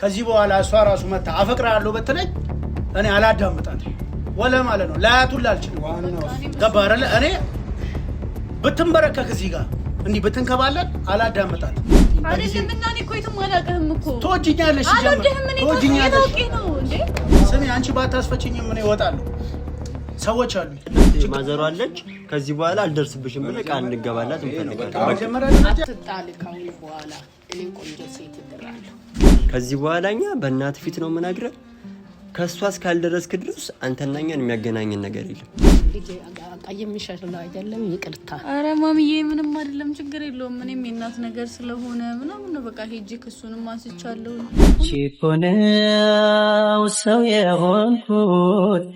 ከዚህ በኋላ እሷ ራሱ መታ አፈቅራለሁ በተለይ እኔ አላዳምጣት ወለ ማለት ነው። ላያቱን ላልችል ገባህ አይደለ? እኔ ብትንበረከክ እዚህ ጋር እንዲህ ብትንከባለን አላዳምጣትም። ትወጂኛለሽ፣ ትወጂኛለሽ። ስሚ አንቺ ባታስፈችኝም እኔ እወጣለሁ። ሰዎች አሉ ማዘሯ አለች። ከዚህ በኋላ አልደርስብሽም ብለህ ቃል እንገባላት እንፈልጋለን። በኋላ እኔ ቆንጆ ሴት ከዚህ በኋላ እኛ በእናት ፊት ነው ምናግረ ከእሷ እስካልደረስክ ድረስ አንተና እኛን የሚያገናኝን ነገር የለም። ቀይምሻለ አይደለም፣ ይቅርታ። ኧረ ማምዬ ምንም አይደለም፣ ችግር የለውም። ምንም የእናት ነገር ስለሆነ ምናምን በቃ ሄጄ ክሱንም አንስቻለሁ። ችኮነው ሰው የሆንኩት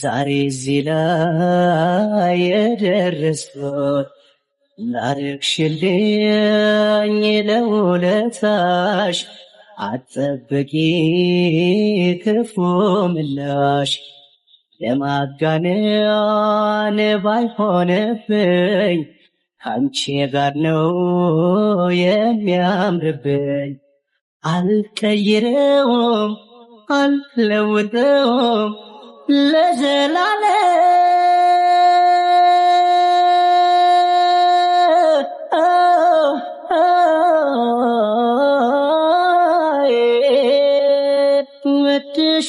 ዛሬ እዚህ ላይ የደረስኩት ላርግሽልኝ ለውለታሽ አትጠብቂ ክፉ ምላሽ ለማጋነን ባይሆንብኝ ከአንቺ ጋር ነው የሚያምርብኝ። አልቀይረውም፣ አልለውጠውም ለዘላለም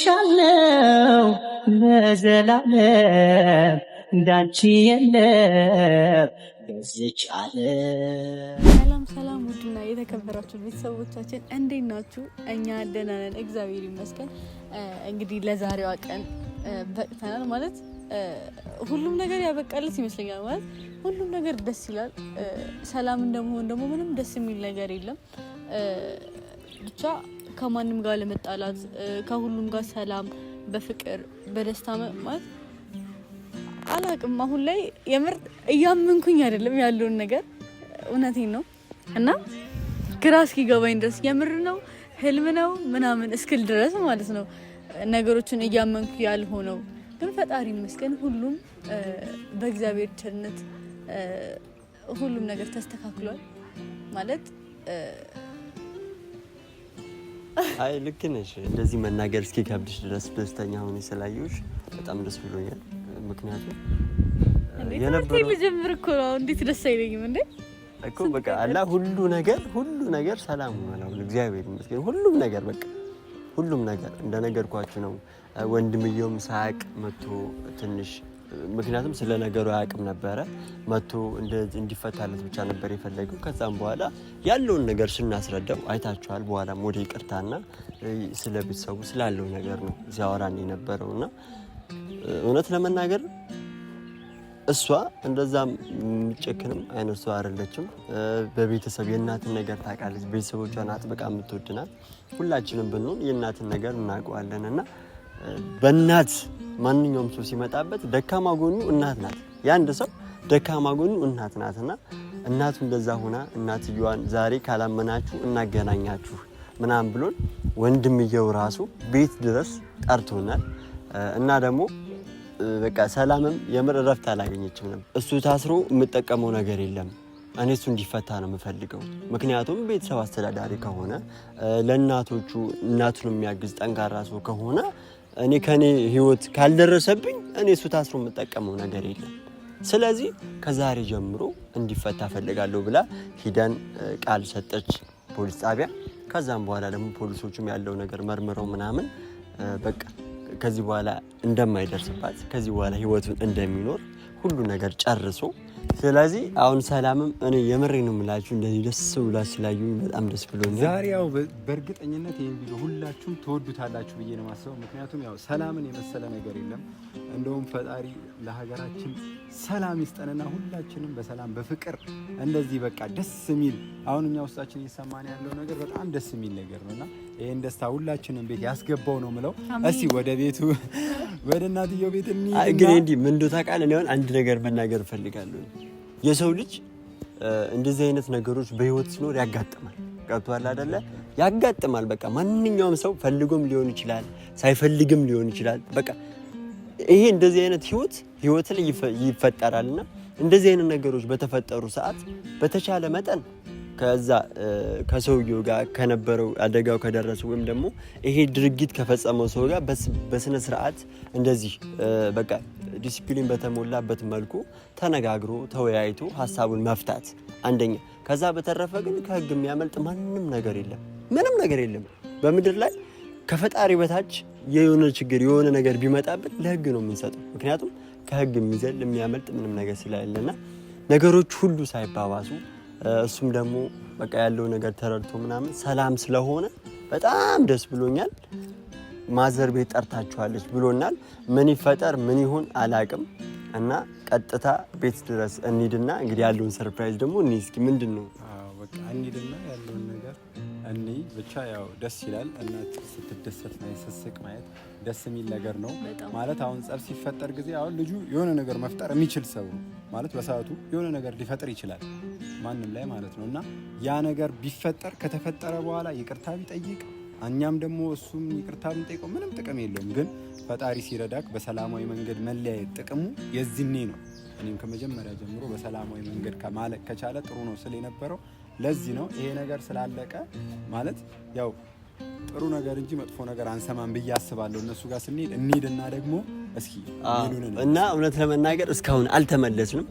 ሻለው ለዘላለም እንዳንቺ የለም በዚች ዓለም። ሰላም ሰላም! ውድና የተከበራችሁ ቤተሰቦቻችን እንዴት ናችሁ? እኛ ደህና ነን እግዚአብሔር ይመስገን። እንግዲህ ለዛሬዋ ቀን በቅተናል ማለት ሁሉም ነገር ያበቃለት ይመስለኛል። ማለት ሁሉም ነገር ደስ ይላል። ሰላም እንደመሆን ደግሞ ምንም ደስ የሚል ነገር የለም ብቻ ከማንም ጋር ለመጣላት ከሁሉም ጋር ሰላም፣ በፍቅር በደስታ ማለት አላቅም። አሁን ላይ የምር እያመንኩኝ አይደለም ያለውን ነገር እውነቴን ነው እና ግራ እስኪገባኝ ድረስ የምር ነው ህልም ነው ምናምን እስክል ድረስ ማለት ነው ነገሮችን እያመንኩ ያልሆነው ግን ፈጣሪ ይመስገን ሁሉም በእግዚአብሔር ቸርነት ሁሉም ነገር ተስተካክሏል ማለት አይ ልክ ነሽ። እንደዚህ መናገር እስኪ ከብድሽ ድረስ ደስተኛ ሆኜ ስላየሁሽ በጣም ደስ ብሎኛል። ምክንያቱም የነበረው ልጀምር እኮ ነው። እንዴት ደስ አይለኝም እንዴ? እኮ በቃ አላ ሁሉ ነገር ሁሉ ነገር ሰላም ሆነው እግዚአብሔር ይመስገን። ሁሉም ነገር በቃ ሁሉም ነገር እንደነገርኳችሁ ነው። ወንድምየውም ሳያቅ መጥቶ ትንሽ ምክንያቱም ስለ ነገሩ አያውቅም ነበረ። መቶ እንዲፈታለት ብቻ ነበር የፈለገው። ከዛም በኋላ ያለውን ነገር ስናስረዳው አይታችኋል። በኋላም ወደ ይቅርታና ስለ ቤተሰቡ ስላለው ነገር ነው ሲያወራን የነበረው እና እውነት ለመናገር እሷ እንደዛ የሚጨክንም አይነት ሰው አይደለችም። በቤተሰብ የእናትን ነገር ታውቃለች። ቤተሰቦቿን አጥብቃ የምትወድናት ሁላችንም ብንሆን የእናትን ነገር እናውቀዋለን እና በእናት ማንኛውም ሰው ሲመጣበት ደካማ ጎኑ እናት ናት። የአንድ ሰው ደካማ ጎኑ እናት ናት እና እናቱ እንደዛ ሆና እናትየዋን ዛሬ ካላመናችሁ እናገናኛችሁ ምናምን ብሎን ወንድምየው ራሱ ቤት ድረስ ጠርቶናል እና ደግሞ በቃ ሰላምም የምር እረፍት አላገኘችም እሱ ታስሮ የምጠቀመው ነገር የለም። እኔ እሱ እንዲፈታ ነው የምፈልገው። ምክንያቱም ቤተሰብ አስተዳዳሪ ከሆነ ለእናቶቹ እናቱን የሚያግዝ ጠንካራ ሰው ከሆነ እኔ ከኔ ህይወት ካልደረሰብኝ እኔ እሱ ታስሮ የምጠቀመው ነገር የለም። ስለዚህ ከዛሬ ጀምሮ እንዲፈታ ፈልጋለሁ ብላ ሂደን ቃል ሰጠች ፖሊስ ጣቢያ። ከዛም በኋላ ደግሞ ፖሊሶቹም ያለው ነገር መርምረው ምናምን በቃ ከዚህ በኋላ እንደማይደርስባት ከዚህ በኋላ ህይወቱን እንደሚኖር ሁሉ ነገር ጨርሶ ስለዚህ አሁን ሰላምም እኔ የምሬ ነው የምላችሁ እንደዚህ ደስ ብሏት ስላዩኝ በጣም ደስ ብሎ ዛሬ ያው በእርግጠኝነት ይህን ቪዲዮ ሁላችሁም ትወዱታላችሁ ብዬ ነው የማስበው። ምክንያቱም ያው ሰላምን የመሰለ ነገር የለም። እንደውም ፈጣሪ ለሀገራችን ሰላም ይስጠንና ሁላችንም በሰላም በፍቅር እንደዚህ በቃ ደስ የሚል አሁን እኛ ውስጣችን እየሰማን ያለው ነገር በጣም ደስ የሚል ነገር ነው እና ይህን ደስታ ሁላችንም ቤት ያስገባው ነው ምለው። እስቲ ወደ ቤቱ ወደ እናትየው ቤት ግን እንዲህ ምንዶ ታውቃለህ፣ እኔ አሁን አንድ ነገር መናገር እፈልጋለሁ የሰው ልጅ እንደዚህ አይነት ነገሮች በህይወት ሲኖር ያጋጥማል። ገብቷል አይደለ? ያጋጥማል። በቃ ማንኛውም ሰው ፈልጎም ሊሆን ይችላል፣ ሳይፈልግም ሊሆን ይችላል። በቃ ይሄ እንደዚህ አይነት ህይወት ህይወት ላይ ይፈጠራልና እንደዚህ አይነት ነገሮች በተፈጠሩ ሰዓት በተቻለ መጠን ከዛ ከሰውየው ጋር ከነበረው አደጋው ከደረሰው ወይም ደግሞ ይሄ ድርጊት ከፈጸመው ሰው ጋር በስነ ስርዓት እንደዚህ በቃ ዲሲፕሊን በተሞላበት መልኩ ተነጋግሮ ተወያይቶ ሀሳቡን መፍታት አንደኛ። ከዛ በተረፈ ግን ከህግ የሚያመልጥ ማንም ነገር የለም፣ ምንም ነገር የለም በምድር ላይ ከፈጣሪ በታች የሆነ ችግር የሆነ ነገር ቢመጣብን ለህግ ነው የምንሰጠው። ምክንያቱም ከህግ የሚዘል የሚያመልጥ ምንም ነገር ስለሌለና ነገሮች ሁሉ ሳይባባሱ እሱም ደግሞ በቃ ያለው ነገር ተረድቶ ምናምን ሰላም ስለሆነ በጣም ደስ ብሎኛል። ማዘር ቤት ጠርታችኋለች ብሎናል። ምን ይፈጠር ምን ይሁን አላቅም እና ቀጥታ ቤት ድረስ እንሂድና እንግዲህ ያለውን ሰርፕራይዝ ደግሞ እኒ እስኪ ምንድን ነው በቃ እንሂድና ያለውን ነገር እኔ ብቻ ያው ደስ ይላል። እናት ስትደሰት ማየት ስስቅ ማየት ደስ የሚል ነገር ነው ማለት አሁን ጸብ ሲፈጠር ጊዜ አሁን ልጁ የሆነ ነገር መፍጠር የሚችል ሰው ነው ማለት በሰዓቱ የሆነ ነገር ሊፈጥር ይችላል ማንም ላይ ማለት ነው እና ያ ነገር ቢፈጠር ከተፈጠረ በኋላ ይቅርታ ቢጠይቅ እኛም ደግሞ እሱም ይቅርታ ብንጠይቀው ምንም ጥቅም የለውም። ግን ፈጣሪ ሲረዳክ በሰላማዊ መንገድ መለያየት ጥቅሙ የዚህኔ ነው። እኔም ከመጀመሪያ ጀምሮ በሰላማዊ መንገድ ከማለቅ ከቻለ ጥሩ ነው ስል የነበረው ለዚህ ነው ይሄ ነገር ስላለቀ ማለት ያው ጥሩ ነገር እንጂ መጥፎ ነገር አንሰማን ብዬ አስባለሁ። እነሱ ጋር ስንሄድ እንሂድና ደግሞ እስኪ እና እውነት ለመናገር እስካሁን አልተመለስንም።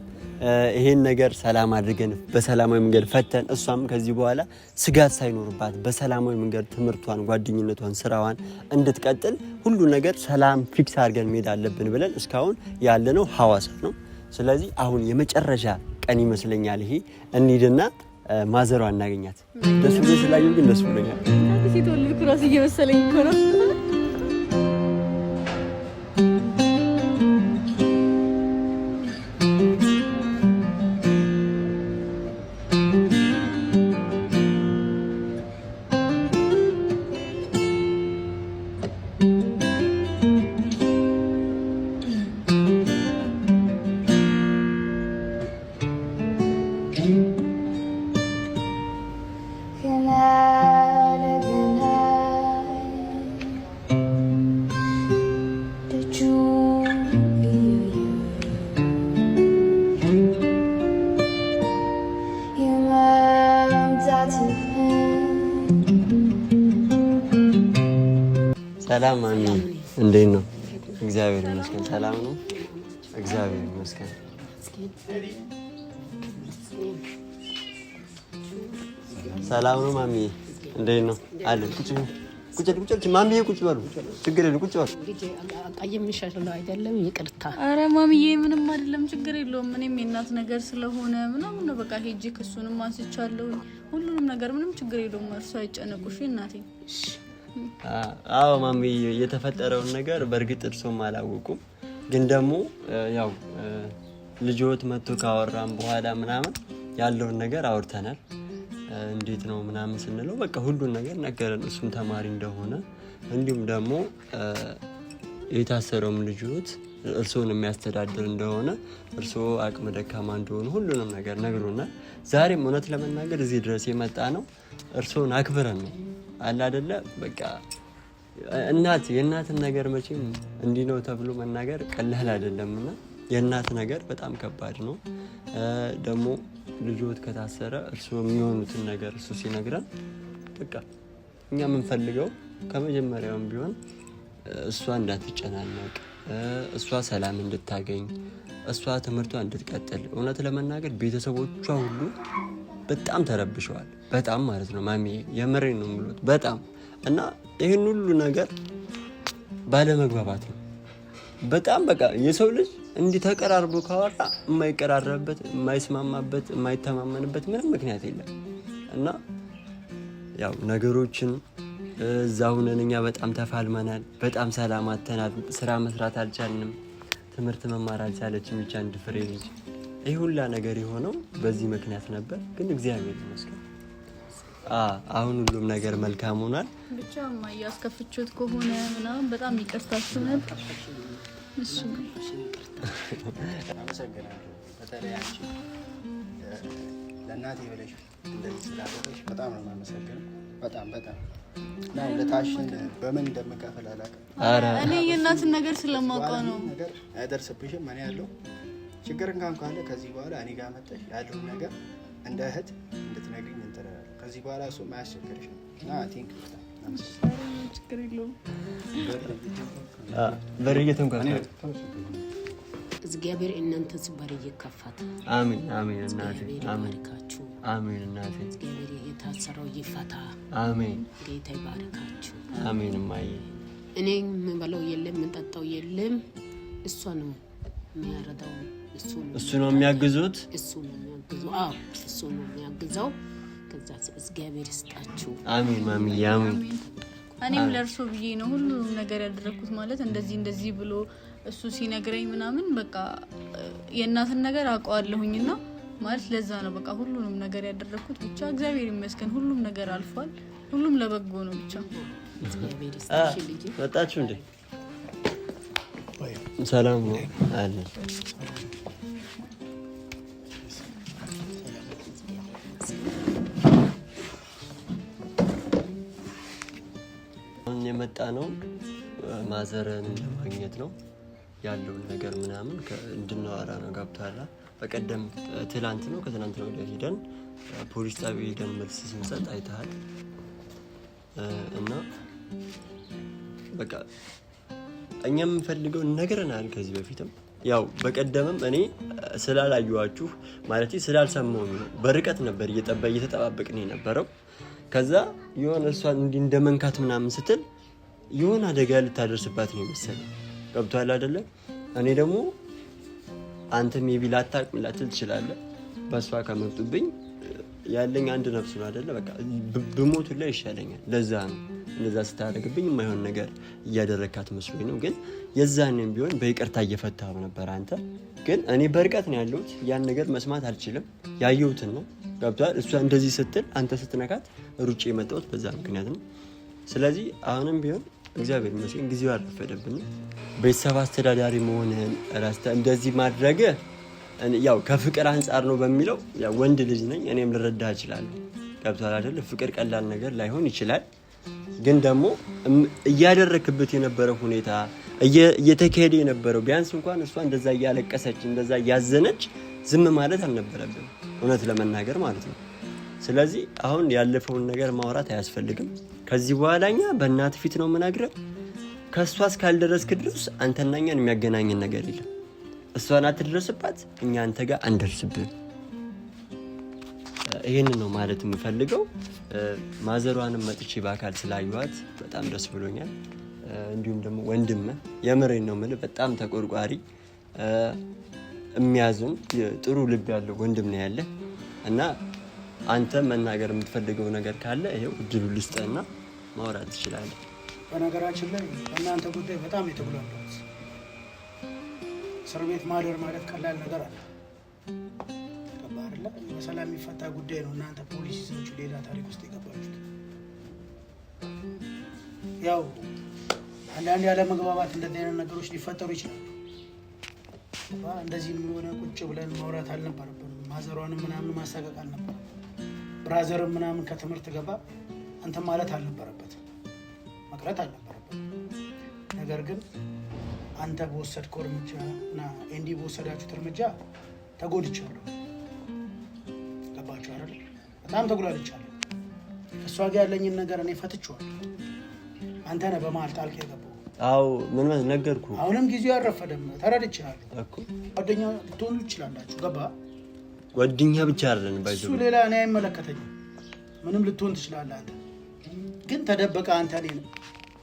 ይሄን ነገር ሰላም አድርገን በሰላማዊ መንገድ ፈተን እሷም ከዚህ በኋላ ስጋት ሳይኖርባት በሰላማዊ መንገድ ትምህርቷን፣ ጓደኝነቷን፣ ስራዋን እንድትቀጥል ሁሉ ነገር ሰላም ፊክስ አድርገን መሄድ አለብን ብለን እስካሁን ያለነው ሐዋሳ ነው። ስለዚህ አሁን የመጨረሻ ቀን ይመስለኛል ይሄ እንሂድና ማዘሯ እናገኛት። ደስ ብሎ ስላየሁ ግን ደስ ብሎኛል። ሴት ወልድ ኩራስ እየመሰለኝ እኮ ነው። ሰላም ማሚ፣ እንዴት ነው? እግዚአብሔር ይመስገን ሰላም ነው። እግዚአብሔር ይመስገን። ሰላም ነው ማሚ፣ እንዴት ነው? አለ ቁጭ ቁጭ ቁጭ ማሚ ቁጭ በሉ፣ ችግር የለም ቁጭ በሉ። ነው አይደለም፣ ይቅርታ። አረ ማሚዬ ምንም አይደለም፣ ችግር የለውም። እኔም የእናት ነገር ስለሆነ ምናምን ነው በቃ ሄጄ ክሱንም አንስቻለሁ። ሁሉንም ነገር ምንም ችግር የለውም። እርሱ አይጨነቁሽ እናቴ እሺ አዎ ማሚ የተፈጠረውን ነገር በእርግጥ እርሶም አላወቁም፣ ግን ደግሞ ያው ልጆት መጥቶ ካወራም በኋላ ምናምን ያለውን ነገር አውርተናል። እንዴት ነው ምናምን ስንለው በቃ ሁሉን ነገር ነገረን። እሱም ተማሪ እንደሆነ እንዲሁም ደግሞ የታሰረውም ልጆት እርስዎን የሚያስተዳድር እንደሆነ እርስዎ አቅመ ደካማ እንደሆኑ ሁሉንም ነገር ነግሮናል። ዛሬም እውነት ለመናገር እዚህ ድረስ የመጣ ነው እርስዎን አክብረን ነው አለ አይደለ በቃ እናት የእናትን ነገር መቼም እንዲህ ነው ተብሎ መናገር ቀላል አይደለም እና የእናት ነገር በጣም ከባድ ነው። ደግሞ ልጆት ከታሰረ እርሱ የሚሆኑትን ነገር እሱ ሲነግረን በቃ እኛ የምንፈልገው ከመጀመሪያውም ቢሆን እሷ እንዳትጨናነቅ፣ እሷ ሰላም እንድታገኝ፣ እሷ ትምህርቷ እንድትቀጥል እውነት ለመናገር ቤተሰቦቿ ሁሉ በጣም ተረብሸዋል። በጣም ማለት ነው ማሚ የምሬ ነው የምሉት በጣም እና ይህን ሁሉ ነገር ባለመግባባት ነው። በጣም በቃ የሰው ልጅ እንዲህ ተቀራርቦ ካወራ የማይቀራረብበት፣ የማይስማማበት፣ የማይተማመንበት ምንም ምክንያት የለም እና ያው ነገሮችን እዛ ሁነን እኛ በጣም ተፋልመናል። በጣም ሰላም አተናል። ስራ መስራት አልቻልንም። ትምህርት መማር አልቻለችም። ብቻ እንድፍሬ ልጅ ይህ ሁላ ነገር የሆነው በዚህ ምክንያት ነበር፣ ግን እግዚአብሔር ይመስገን አሁን ሁሉም ነገር መልካም ሆኗል። ብቻ እያስከፍችሁት ከሆነ ምናምን በጣም ይቅርታችሁ ነበር። ለእናቴ ብለሽ እንደዚህ በጣም ነው የማመሰግነው። በጣም በጣም ለታሽን በምን እንደምከፍል አላውቅም። እኔ የእናትን ነገር ስለማውቀው ነው አይደርስብሽም እኔ ያለው ችግር እንኳን ካለ ከዚህ በኋላ እኔ ጋር መጠሽ ያለውን ነገር እንደ እህት እንድትነግሪኝ እንትላለን። ከዚህ በኋላ እሱ ማያስቸግርሽ ቲንክ በር እግዚአብሔር እናንተ ስባሪ እየከፋት አሜን አሜን። እናቴ አሜን አሜን። እናቴ እግዚአብሔር የታሰረው ይፈታ። አሜን። ጌታ ይባርካችሁ። አሜን። ማየ እኔ የምበላው የለም የምንጠጣው የለም እሷ ነው የሚያረዳው። እሱ ነው የሚያግዙት። እሱ ነው የሚያግዙ። አዎ እሱ ነው የሚያግዘው። ከዛ እግዚአብሔር ይስጣችሁ። አሜን አሜን። እኔም ለእርሶ ብዬ ነው ሁሉንም ነገር ያደረግኩት። ማለት እንደዚህ እንደዚህ ብሎ እሱ ሲነግረኝ ምናምን በቃ የእናትን ነገር አውቀዋለሁኝ እና ማለት ለዛ ነው በቃ ሁሉንም ነገር ያደረግኩት። ብቻ እግዚአብሔር ይመስገን ሁሉም ነገር አልፏል። ሁሉም ለበጎ ነው። ብቻ ወጣችሁ እንዴ? ሰላም ነው አለ የመጣ ነው ማዘረን ለማግኘት ነው ያለውን ነገር ምናምን እንድናወራ ነው። ገብቶሃል? በቀደም ትላንት ነው ከትላንት ነው ሄደን ፖሊስ ጣቢያ ሄደን መልስ ስንሰጥ አይተሃል። እና በቃ እኛ የምንፈልገው ነገረናል ከዚህ በፊትም ያው በቀደምም እኔ ስላላየኋችሁ ማለት ስላልሰማሁኝ ነው። በርቀት ነበር እየጠበ እየተጠባበቅን የነበረው ከዛ የሆነ እሷን እንዲህ እንደመንካት ምናምን ስትል የሆነ አደጋ ልታደርስባት ነው የመሰለ ገብቶሃል አደለ? እኔ ደግሞ አንተ ሜቢ ላታቅም ላትል ትችላለህ። በእሷ ከመጡብኝ ያለኝ አንድ ነፍስ ነው አደለ? በቃ ብሞቱ ላይ ይሻለኛል። ለዛ ነው እንደዛ ስታደርግብኝ የማይሆን ነገር እያደረግካት መስሎኝ ነው። ግን የዛንም ቢሆን በይቅርታ እየፈታኸው ነበር አንተ። ግን እኔ በርቀት ነው ያለሁት፣ ያን ነገር መስማት አልችልም። ያየሁትን ነው ገብቷል። እሷ እንደዚህ ስትል አንተ ስትነካት ሩጭ የመጣሁት በዛ ምክንያት ነው። ስለዚህ አሁንም ቢሆን እግዚአብሔር ይመስገን ጊዜው አልፈደብን። ቤተሰብ አስተዳዳሪ መሆንህን ረስተ እንደዚህ ማድረግ ያው ከፍቅር አንጻር ነው በሚለው ወንድ ልጅ ነኝ እኔም ልረዳ እችላለሁ። ገብቶሃል አይደለ? ፍቅር ቀላል ነገር ላይሆን ይችላል። ግን ደግሞ እያደረክበት የነበረው ሁኔታ እየተካሄደ የነበረው ቢያንስ እንኳን እሷ እንደዛ እያለቀሰች እንደዛ እያዘነች ዝም ማለት አልነበረብም፣ እውነት ለመናገር ማለት ነው። ስለዚህ አሁን ያለፈውን ነገር ማውራት አያስፈልግም። ከዚህ በኋላ እኛ በእናት ፊት ነው የምናግረ ከእሷ እስካልደረስክ ድረስ አንተና እኛን የሚያገናኝን ነገር የለም። እሷን አትደረስባት፣ እኛ አንተ ጋር አንደርስብን። ይህን ነው ማለት የምፈልገው። ማዘሯንም መጥቼ በአካል ስላየኋት በጣም ደስ ብሎኛል። እንዲሁም ደግሞ ወንድም የምሬን ነው የምልህ፣ በጣም ተቆርቋሪ የሚያዝን ጥሩ ልብ ያለው ወንድም ነው ያለ እና አንተ መናገር የምትፈልገው ነገር ካለ ይሄው እድሉ ልስጠና ማውራት ትችላለህ። በነገራችን ላይ በእናንተ ጉዳይ በጣም የተጉላላት እስር ቤት ማደር ማለት ቀላል ነገር አለ ከባድ በሰላም የሚፈታ ጉዳይ ነው። እናንተ ፖሊስ ይዛችሁ ሌላ ታሪክ ውስጥ የገባችሁት ያው አንዳንድ ያለመግባባት እንደዚህ አይነት ነገሮች ሊፈጠሩ ይችላሉ። እንደዚህ የሆነ ቁጭ ብለን ማውራት አልነበረብንም። ማዘሯንም ምናምን ማሳቀቅ አልነበረ ብራዘርም ምናምን ከትምህርት ገባ እንትን ማለት አልነበረበት መቅረት አልነበረበት። ነገር ግን አንተ በወሰድከው እርምጃ እና ኤንዲ በወሰዳችሁት እርምጃ ተጎድቻለሁ። ገባችሁ አይደል? በጣም ተጉላልቻለሁ። እሷ ጋ ያለኝን ነገር እኔ ፈትችዋል አንተ ነህ በመሀል ጣልቃ የገባው። አዎ ምን ነገርኩ አሁንም ጊዜው አልረፈደም። ተረድቻለሁ። ጓደኛ ልትሆኑ ይችላላችሁ ገባ ጓደኛ ብቻ አይደለን። እሱ ሌላ እኔ አይመለከተኝም። ምንም ልትሆን ትችላለህ አንተ ግን ተደበቀ አንተ እኔን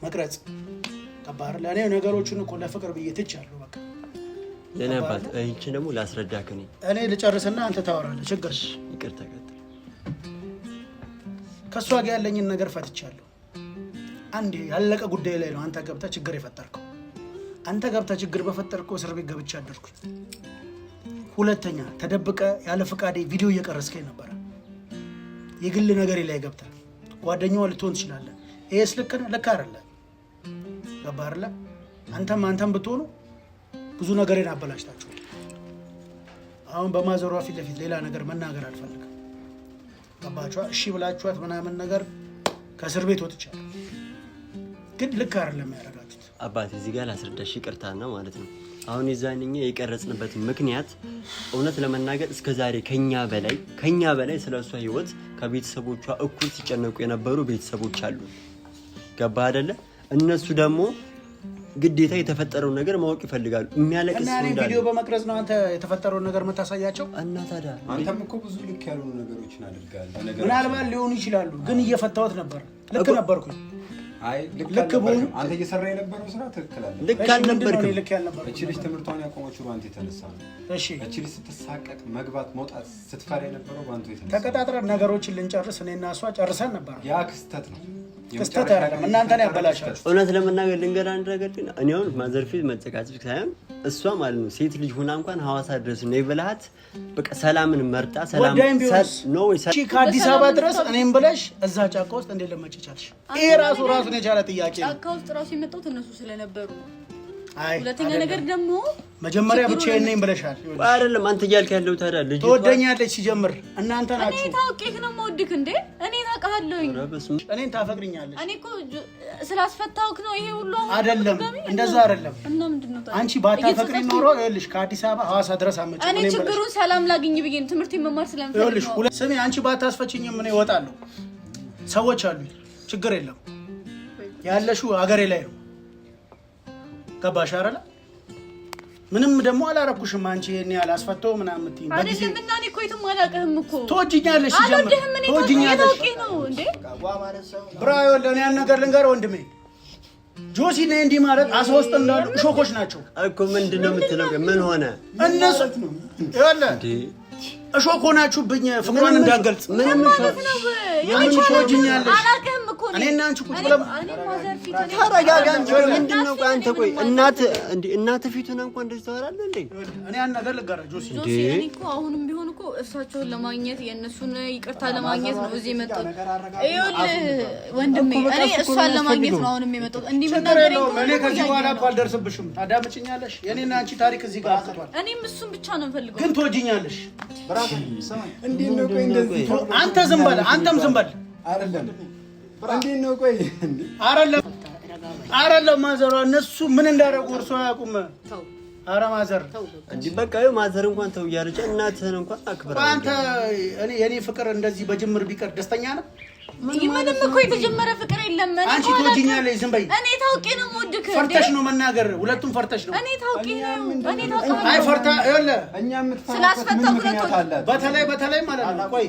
መቅረጽ ከባድ ለእኔ ነገሮቹን እኮ ለፍቅር ብዬ ትቻለሁ። በቃ የኔ አባት እንቺ ደግሞ ላስረዳህ ከእኔ እኔ ልጨርስና አንተ ታወራለህ። ችግርሽ ይቅር ተቀጥል። ከእሷ ጋር ያለኝን ነገር ፈትቻለሁ። አንድ ያለቀ ጉዳይ ላይ ነው አንተ ገብተህ ችግር የፈጠርከው። አንተ ገብተህ ችግር በፈጠርከው እስር ቤት ገብቼ አደርኩኝ። ሁለተኛ ተደብቀ ያለ ፈቃዴ ቪዲዮ እየቀረስከኝ ነበረ። የግል ነገሬ ላይ ገብተ ጓደኛዋ ልትሆን ትችላለ። ይሄስ ልክ ነህ? ልክ አይደለ? ገባ አይደለ? አንተም አንተም ብትሆኑ ብዙ ነገሬን አበላሽታችሁ። አሁን በማዘሯ ፊት ለፊት ሌላ ነገር መናገር አልፈልግም። ገባችኋ? እሺ ብላችኋት ምናምን ነገር ከእስር ቤት ወጥቻለሁ፣ ግን ልክ አይደለም ያደረጋችሁት። አባት እዚህ ጋር ላስረዳሽ፣ ይቅርታ ነው ማለት ነው አሁን የዛንኛ የቀረጽንበት ምክንያት እውነት ለመናገር እስከ ዛሬ ከኛ በላይ ከኛ በላይ ስለ እሷ ህይወት ከቤተሰቦቿ እኩል ሲጨነቁ የነበሩ ቤተሰቦች አሉ። ገባ አደለ? እነሱ ደግሞ ግዴታ የተፈጠረውን ነገር ማወቅ ይፈልጋሉ። የሚያለቅስ ቪዲዮ በመቅረጽ ነው አንተ የተፈጠረውን ነገር የምታሳያቸው። እና ታዲያ አንተም እኮ ብዙ ልክ ያልሆኑ ነገሮችን አድርጋለህ። ምናልባት ሊሆኑ ይችላሉ፣ ግን እየፈታሁት ነበር። ልክ ነበርኩኝ ልክ አንተ እየሰራ የነበረው ስራ ትክክል ልክ አልነበርክም። እቺ ልጅ ትምህርቷን ያቆመችው በአንተ የተነሳ ነው። እቺ ልጅ ስትሳቀቅ መግባት መውጣት ስትፈራ የነበረው በአንተ የተነሳ ተቀጣጥረን ነገሮችን ልንጨርስ እኔና እሷ ጨርሰን ነበር። ያ ክስተት ነው። ክስተት አይደለም፣ ነው ያበላሻችሁ። እውነት ለመናገር ልንገር አንድ ነገር ግን እኔ አሁን ማዘርፊት መጨቃጨቅ ሳይሆን እሷ ማለት ነው ሴት ልጅ ሆና እንኳን ሐዋሳ ድረስ ነው የበላሃት። በቃ ሰላምን መርጣ ሰላም ነው ወይ ሰላም ከአዲስ አበባ ድረስ እኔም ብለሽ እዛ ጫካ ውስጥ እንዴት ለመቼ ቻልሽ? ይሄ ራሱ ራሱን የቻለ ጥያቄ ነው። ጫካ ውስጥ ራሱ የመጣሁት እነሱ ስለነበሩ ሁለተኛ ነገር ደግሞ መጀመሪያ ብቻዬን ነኝ ብለሻል። አይደለም አንተ እያልክ ያለው ታዲያ ልጅ ትወደኛለች ሲጀምር እናንተ ናችሁ። እኔ ታውቄህ ነው የምወድህ እንዴ? እኔ ታውቅሃለሁኝ። እኔን ታፈቅርኛለች። እኔ እኮ ስላስፈታሁህ ነው ይሄ ሁሉ አይደለም። እንደዛ አይደለም። እና ምንድን ነው አንቺ ባታፈቅሪኝ ኖሮ ይኸውልሽ ከአዲስ አበባ ሐዋሳ ድረስ አመጭ። እኔ ችግሩን ሰላም ላግኝ ብዬ ነው ትምህርት የመማር ስለምፈልግ። ይኸውልሽ ስሚ፣ አንቺ ባታስፈችኝም እኔ እወጣለሁ። ሰዎች አሉ፣ ችግር የለም። ያለሽው አገሬ ላይ ነው። ገባሽ አይደለ? ምንም ደግሞ አላረኩሽም። አንቺ ይሄን ያህል አስፈተው ምናምን የምትይኝ አይደለም። እና እኔ እኮ የትም አላውቅህም እኮ ትወጂኛለሽ፣ ትወጂኛለሽ። ብራዮ ለእኔ ያን ነገር ልንገር ወንድሜ ጆሲ ነኝ እንዲህ ማለት አስራ ውስጥ እንዳሉ እሾኮች ናቸው እኮ። ምንድን ነው የምትለው? ምን ሆነ? እነሱ እሾኮ ናችሁብኝ። ፍቅሯን እንዳገልጽ ምንም ትወጂኛለሽ እናት እንዴ እናት ፊት ሆነ እንኳን እንደዚህ ታወራለህ እንዴ? እኔ አንድ ነገር ልንገርህ ጆሲ፣ እኔ እኮ አሁንም ቢሆን እኮ እርሳቸውን ለማግኘት የእነሱን ይቅርታ ለማግኘት ነው እዚህ የመጣሁት። ይኸውልህ ወንድሜ፣ እኔ እሷን ለማግኘት ነው አሁንም የመጣሁት። እንዲህ መናገር እኔ ከዚህ በኋላ እኮ አልደርስብሽም። ታዳምጪኛለሽ? የእኔና አንቺ ታሪክ እዚህ ጋር አብቅቷል። እኔም እሱን ብቻ ነው የምፈልገው። ግን ትወጂኛለሽ። አንተ ዝም በል፣ አንተም ዝም በል አይደለም እንዴት ነው? ቆይ አይደለም ማዘሯ እነሱ ምን እንዳደረጉ እርሶ አያውቁም። አረ ማዘር እንጂ በቃ ይኸው ማዘር እንኳን ተው እያለች እናትህን እንኳን አክብራ። አንተ እኔ የኔ ፍቅር እንደዚህ በጅምር ቢቀር ደስተኛ ነው። ምንም እኮ የተጀመረ ፍቅር የለም። አንቺ ትወጂኛለሽ። ዝም በይ። እኔ ታውቄ ነው የምወድክ። ፈርተሽ ነው መናገር። ሁለቱም ፈርተሽ ነው። እኔ ታውቄ ነው። እኔ ታውቄ ነው። አይ ፈርታ ይኸውልህ፣ ስላስፈታሁ ሁለቱም። በተለይ በተለይ ማለት ነው። ቆይ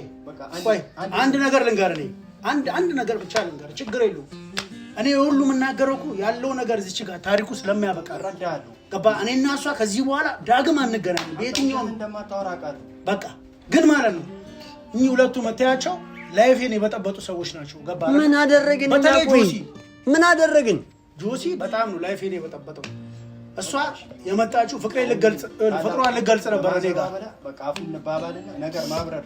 ቆይ፣ አንድ ነገር ልንገርህ እኔ አንድ አንድ ነገር ብቻ ልንገር፣ ችግር የለውም። እኔ ሁሉ የምናገረው እኮ ያለው ነገር እዚች ጋር ታሪኩ ስለሚያበቃ ገባ? እኔ እና እሷ ከዚህ በኋላ ዳግም አንገናኝም። በየትኛውም በቃ ግን ማለት ነው እኚህ ሁለቱ መታያቸው ላይፌን የበጠበጡ ሰዎች ናቸው። ገባ? ምን አደረግን? በተለይ ጆሲ ምን አደረግን? ጆሲ በጣም ነው ላይፌን የበጠበጠው። እሷ የመጣችው ፍቅሬ ልገልጽ ፍቅሯን ልገልጽ ነበር እኔ ጋር በቃ አፉን ነገር ማብረር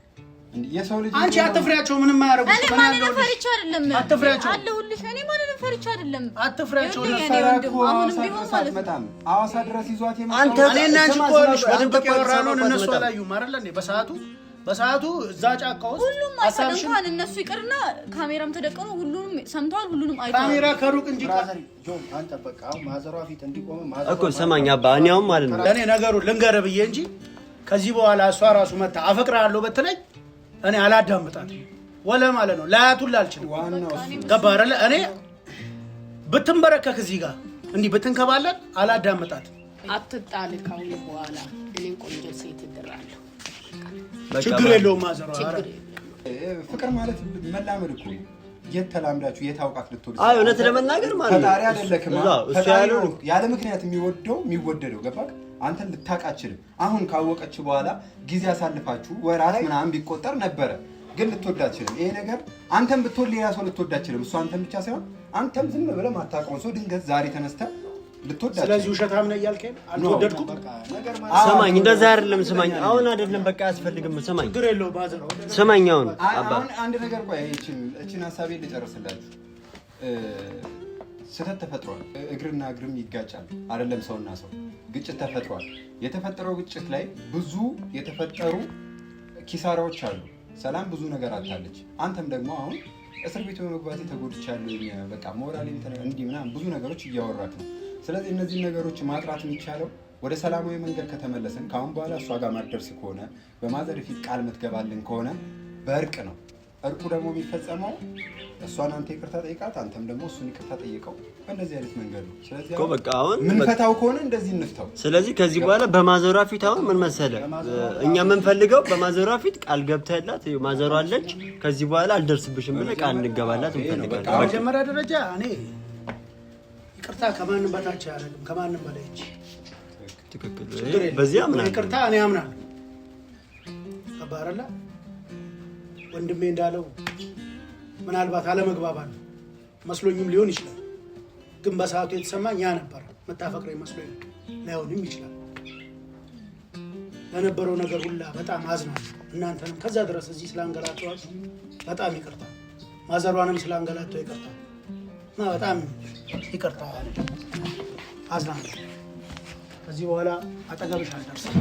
አንቺ አትፍሪያቸው፣ ምንም አያደርጉ። እኔ ማንንም ፈርቼ አይደለም። አትፍሪያቸው፣ አለሁልሽ። እኔ ማንንም ፈርቼ አይደለም። አትፍሪያቸው። አሁንም ቢሆን ማለት ነው አዋሳ ድረስ ይዟት አንተ እኔና አንቺ እኮ ልሽ በድብቅ ያወራነውን እነሱ አላዩም አይደል እንዴ? በሰዓቱ በሰዓቱ እዛ ጫካ ውስጥ ሁሉም አሳብ እንኳን እነሱ ይቅርና ካሜራም ተደቀኑ። ሁሉም ሰምተዋል፣ ሁሉንም አይተዋል። ካሜራ ከሩቅ እንጂ ጆን አንተ በቃ ማዘሯ ፊት እንዲቆም ማዘሯ እኮ ሰማኛ ባኛው ማለት ነው። እኔ ነገሩ ልንገርህ ብዬ እንጂ ከዚህ በኋላ እሷ ራሱ መታ አፈቅርሃለሁ በትለኝ እኔ አላዳምጣት ወለ ማለት ነው ላያቱን ላልችል ገባረ እኔ ብትንበረከክ እዚህ ጋር እንዲህ ብትንከባለን አላዳምጣት። አትጣል። ካሁን በኋላ እኔም ቆንጆ ሴት እድራለሁ። ችግር የለውም። ማዘሯ ፍቅር ማለት መላመድ እኮ የት ተላምዳችሁ የት አውቃት ልትወድ? አይ እውነት ለመናገር ማለት ነው ፈጣሪ አይደለክም። ያለ ምክንያት የሚወደው የሚወደደው ገባክ አንተን ልታውቅ አትችልም። አሁን ካወቀች በኋላ ጊዜ አሳልፋችሁ ላይ ምናምን ቢቆጠር ነበረ፣ ግን ልትወድ አትችልም። ይሄ ነገር አንተን ብትወድ ሌላ ሰው ልትወድ አትችልም። እሱ አንተን ብቻ ሳይሆን አንተም ዝም ብለህ ማታውቀውን ሰው ድንገት ዛሬ ተነስተህ ልትወዳቸው ስለዚህ ውሸታም ነው እያልከኝ አልተወደድኩም። ስማኝ፣ እንደዛ አይደለም። ስማኝ፣ አሁን አይደለም፣ በቃ አያስፈልግም። ስማኝ፣ ስማኝ፣ አሁን አንድ ነገር ቆይ፣ እቺን ሀሳቤን ልጨርስላችሁ ስህተት ተፈጥሯል። እግርና እግርም ይጋጫል፣ አይደለም ሰውና ሰው ግጭት ተፈጥሯል። የተፈጠረው ግጭት ላይ ብዙ የተፈጠሩ ኪሳራዎች አሉ። ሰላም ብዙ ነገር አታለች። አንተም ደግሞ አሁን እስር ቤት በመግባት ተጎድቻለሁ፣ በቃ ሞራል እንዲህ ምናምን ብዙ ነገሮች እያወራት ነው። ስለዚህ እነዚህን ነገሮች ማጥራት የሚቻለው ወደ ሰላማዊ መንገድ ከተመለሰን ከአሁን በኋላ እሷ ጋር ማትደርስ ከሆነ በማዘር ፊት ቃል ምትገባልን ከሆነ በእርቅ ነው። እርቁ ደግሞ የሚፈጸመው እሷን አንተ ይቅርታ ጠይቃት፣ አንተም ደግሞ እሱን ይቅርታ ጠይቀው። በእንደዚህ አይነት መንገድ ነው። ስለዚህ በቃ አሁን ምንፈታው ከሆነ እንደዚህ እንፍታው። ስለዚህ ከዚህ በኋላ በማዘሯ ፊት አሁን ምን መሰለ፣ እኛ የምንፈልገው በማዘሯ ፊት ቃል ገብተህላት ማዘሯ አለች፣ ከዚህ በኋላ አልደርስብሽም ብለህ ቃል እንገባላት እንፈልጋለን። በመጀመሪያ ደረጃ እኔ ይቅርታ ከማንም በታች አያደርግም፣ ከማንም በላይ እንጂ ትክክል። በዚህ አምናለሁ፣ ይቅርታ እኔ አምናለሁ። አባረላ ወንድሜ እንዳለው ምናልባት አለመግባባት መስሎኝም ሊሆን ይችላል። ግን በሰዓቱ የተሰማኝ ያ ነበር። መታፈቅሬ መስሎኝ ላይሆንም ይችላል። ለነበረው ነገር ሁላ በጣም አዝናለሁ። እናንተንም ከዛ ድረስ እዚህ ስላንገላቸዋት በጣም ይቅርታ። ማዘሯንም ስላንገላቸው ይቅርታ እና በጣም ይቅርታ አዝናል። ከዚህ በኋላ አጠገብሽ አልደርስም።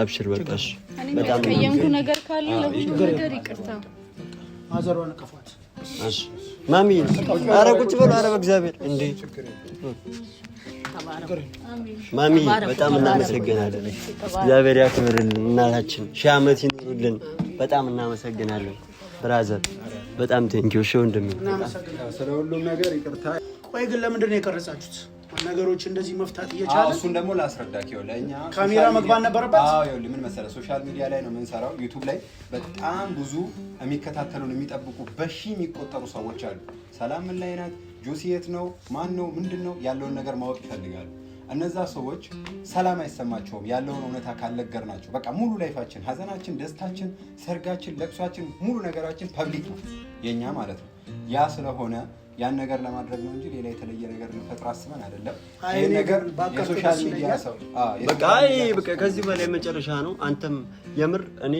አብሽር። በቃሽ። ቀየምኩ ነገር ካለ ለሁሉ ነገር ይቅርታ። ማዘሯን እቀፏት ማሚ። ኧረ ቁጭ በሉ። ኧረ በእግዚአብሔር እንዴ ማሚ በጣም እናመሰግናለን። እግዚአብሔር ያክብርልን። እናታችን ሺህ ዓመት ይኑሩልን። በጣም እናመሰግናለን። ብራዘር በጣም ቴንኪው ሺህ ወንድሜ፣ ስለ ሁሉም ነገር ይቅርታ። ቆይ ግን ለምንድን ነው የቀረጻችሁት? ነገሮች እንደዚህ መፍታት እየቻለ እሱን ደግሞ ላስረዳክ። ይኸውልህ እኛ ካሜራ መግባት ነበረበት። አዎ ምን መሰለህ፣ ሶሻል ሚዲያ ላይ ነው የምንሰራው፣ ዩቲዩብ ላይ በጣም ብዙ የሚከታተሉን የሚጠብቁ በሺ የሚቆጠሩ ሰዎች አሉ። ሰላም ምን ላይ ናት፣ ጆሲ የት ነው፣ ማን ነው፣ ምንድን ነው ያለውን ነገር ማወቅ ይፈልጋሉ። እነዛ ሰዎች ሰላም አይሰማቸውም። ያለውን እውነታ ካልነገር ናቸው በቃ ሙሉ ላይፋችን፣ ሀዘናችን፣ ደስታችን፣ ሰርጋችን፣ ለቅሷችን፣ ሙሉ ነገራችን ፐብሊክ ነው የእኛ ማለት ነው ያ ስለሆነ ያን ነገር ለማድረግ ነው እንጂ ሌላ የተለየ ነገር ልንፈጥር አስበን አይደለም። ይህ ነገር የሶሻል ሚዲያ ሰው በቃ በቃ ከዚህ በላይ መጨረሻ ነው። አንተም የምር እኔ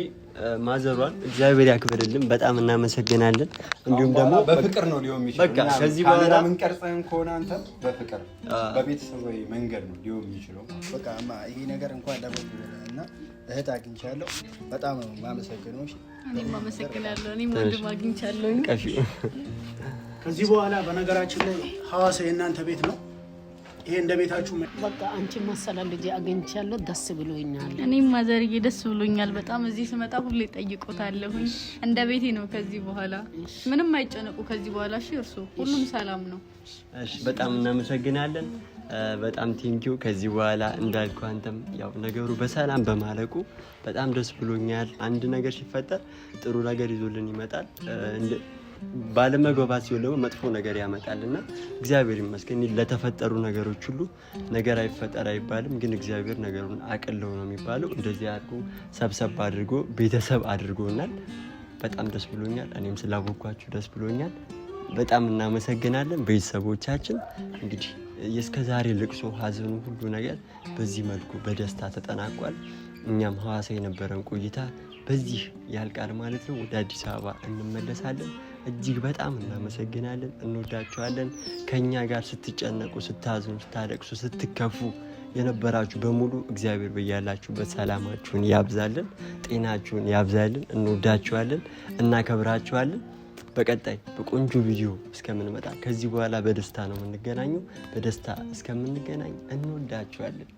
ማዘሯን እግዚአብሔር ያክብርልን፣ በጣም እናመሰግናለን። እንዲሁም ደግሞ በፍቅር ነው ሊሆን የሚችለው። ከዚህ በኋላ ምንቀርጸን ከሆነ አንተ በፍቅር በቤተሰባዊ መንገድ ነው ሊሆን የሚችለው። በቃ ይሄ ነገር እንኳን ለበጎ እና እህት አግኝቻለሁ። በጣም ነው የማመሰግነው። እኔም አመሰግናለሁ። እኔም ወንድም አግኝቻለሁ። ከዚህ በኋላ በነገራችን ላይ ሐዋሳ የእናንተ ቤት ነው። ይሄ እንደ ቤታችሁ በቃ አንቺ መሰላ ልጅ አግኝቻለሁ። ደስ ብሎኛል። እኔም ማዘርዬ ደስ ብሎኛል በጣም እዚህ ስመጣ ሁሌ ጠይቆታለሁኝ። እንደ ቤቴ ነው። ከዚህ በኋላ ምንም አይጨነቁ። ከዚህ በኋላ እሺ፣ እርሶ ሁሉም ሰላም ነው። በጣም እናመሰግናለን። በጣም ቴንኪው። ከዚህ በኋላ እንዳልኩ አንተም ያው ነገሩ በሰላም በማለቁ በጣም ደስ ብሎኛል። አንድ ነገር ሲፈጠር ጥሩ ነገር ይዞልን ይመጣል። ባለመግባባት ሲሆን ደግሞ መጥፎ ነገር ያመጣል እና እግዚአብሔር ይመስገን ለተፈጠሩ ነገሮች ሁሉ ነገር አይፈጠር አይባልም፣ ግን እግዚአብሔር ነገሩን አቅለው ነው የሚባለው። እንደዚህ አድርጎ ሰብሰብ አድርጎ ቤተሰብ አድርጎናል። በጣም ደስ ብሎኛል። እኔም ስላቦኳችሁ ደስ ብሎኛል። በጣም እናመሰግናለን ቤተሰቦቻችን እንግዲህ የእስከዛሬ ልቅሶ፣ ሀዘኑ፣ ሁሉ ነገር በዚህ መልኩ በደስታ ተጠናቋል። እኛም ሐዋሳ የነበረን ቆይታ በዚህ ያልቃል ማለት ነው። ወደ አዲስ አበባ እንመለሳለን። እጅግ በጣም እናመሰግናለን። እንወዳችኋለን። ከእኛ ጋር ስትጨነቁ፣ ስታዝኑ፣ ስታለቅሱ፣ ስትከፉ የነበራችሁ በሙሉ እግዚአብሔር በያላችሁበት ሰላማችሁን ያብዛልን፣ ጤናችሁን ያብዛልን። እንወዳችኋለን፣ እናከብራችኋለን። በቀጣይ በቆንጆ ቪዲዮ እስከምንመጣ ከዚህ በኋላ በደስታ ነው የምንገናኘው። በደስታ እስከምንገናኝ እንወዳችኋለን።